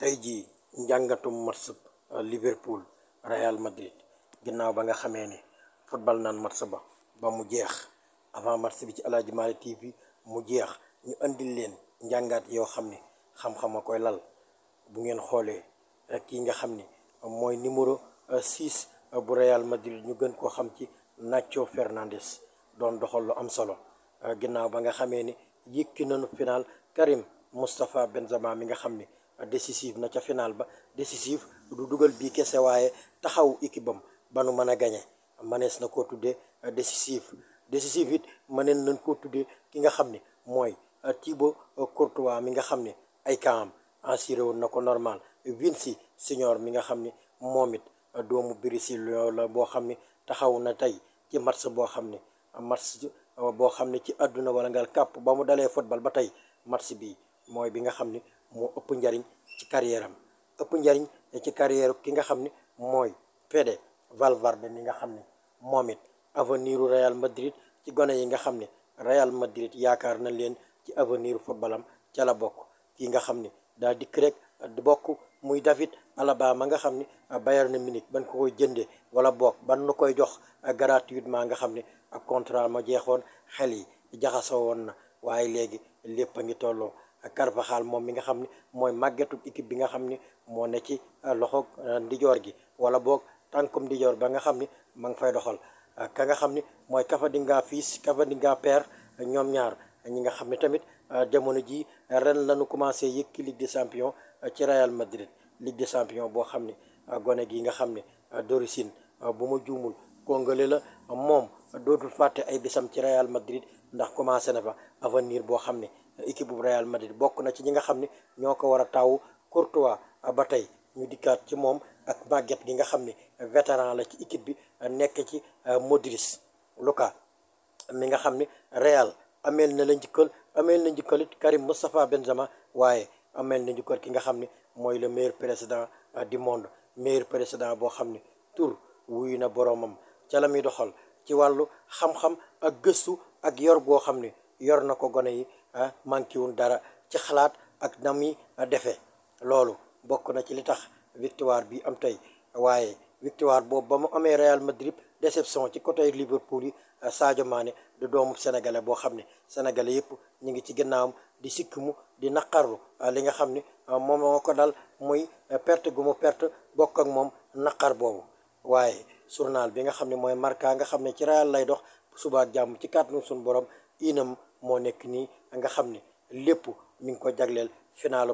tey jii njàngatu match Liverpool Real Madrid ginnaaw ba nga xamee ni football naan match ba ba mu jeex avant match bi ci Aladji Malick TV mu jeex ñu indi leen njàngaat yoo xam ni xam-xam a koy lal bu ngeen xoolee kii nga xam ni mooy numéro 6 bu Real Madrid ñu gën koo xam ci Nacho Fernandes doon doxal lu am solo ginnaaw ba nga xamee ni yëkki nañu final Karim Moustapha Benzema mi nga xam ni. décisive na ca final ba décisive du dugal bii kese waaye taxaw équipe am ba nu mën a gañe mënees na koo tuddee euh, décisive décisive it mëneen nañ koo tuddee ki nga xam ni mooy euh, Thibaut euh, Courtois mi nga xam ne ay kaam assuré woon na ko normal Vinicius Junior mi nga xam ni moom it doomu Brésil la boo xam ne taxaw na tey ci match boo xam ne match boo xam ne ci àdduna wala ngal kàpp ba mu dalee football ba tey match bi mooy bi nga xam ne moo ëpp njariñ ci carrière ëpp njariñ ci carrière ki nga xam ne mooy Fede Valverde ni nga xam ne moom it avenir u Real Madrid ci gone yi nga xam ne Real Madrid yaakaar nañ leen ci avenir footballam ca la bokk kii nga xam ni daa dikk rek bokk muy David Alaba ma nga xam ni ne Bayern minit ban ko koy jëndee wala bokk ban nu koy jox gratuitement nga xam ne ak contrat ma jeexoon xel yi jaxasoo woon na waaye léegi lépp a ngi tolloo Carvajal moom mi nga xam ne mooy màggetu équipe bi nga xam ne moo ne ci euh, loxo euh, ndijoor gi wala boog tànkum ndijoor ba nga xam ni ma ngi fay doxal ka nga xam ni mooy Camavinga fils Camavinga père ñoom ñaar ñi nga xam ne tamit euh, jamono ji ren lañu commencé yëkki Ligue des champions ci Real Madrid Ligue des champions boo xam ni gone gi nga xam ne d'origine bu ma juumul congolais la moom dootul fàtte ay bisam ci Real Madrid ndax commencé na fa avenir boo xam ne équipe bu Real Madrid bokk na ci ñi nga xam ne ñoo ko war a taw Courtois ba tey ñu dikkaat ci moom ak màgget gi nga xam ne vétéran la ci équipe bi nekk ci euh, Modric Luka mi nga xam ne Real ameel na la njëkkal ameel na njikkalit Karim Moustapha Benzema waaye ameel na njikkal ki nga xam ne mooy le maire président euh, du monde maire président boo xam ne tur wuyu na boromam ca la muy doxal ci wàllu xam-xam ak gëstu ak yor goo xam ne yor na ko gone yi ah manqué wun dara ci xalaat ak na defe loolu bokk na ci li tax victoire bi am tey waaye victoire boobu ba mu amee Real Madrid déception ci côté Liverpool yi ah, Sadio maane du doomu sénégalais boo xam ne sénégalais yëpp ñu ngi ci ginnaawam di sikkimu di naqarlu ah, li nga xam ne ah, moom moo ko dal muy perte gu mu perte bokk ak moom naqar boobu waaye journal bi nga xam ne mooy Marca nga xam ne ci Real lay dox suba ak jàmm ci kàttanu suñu borom inam moo nekk nii nga xam ne lépp mi ngi ko jagleel final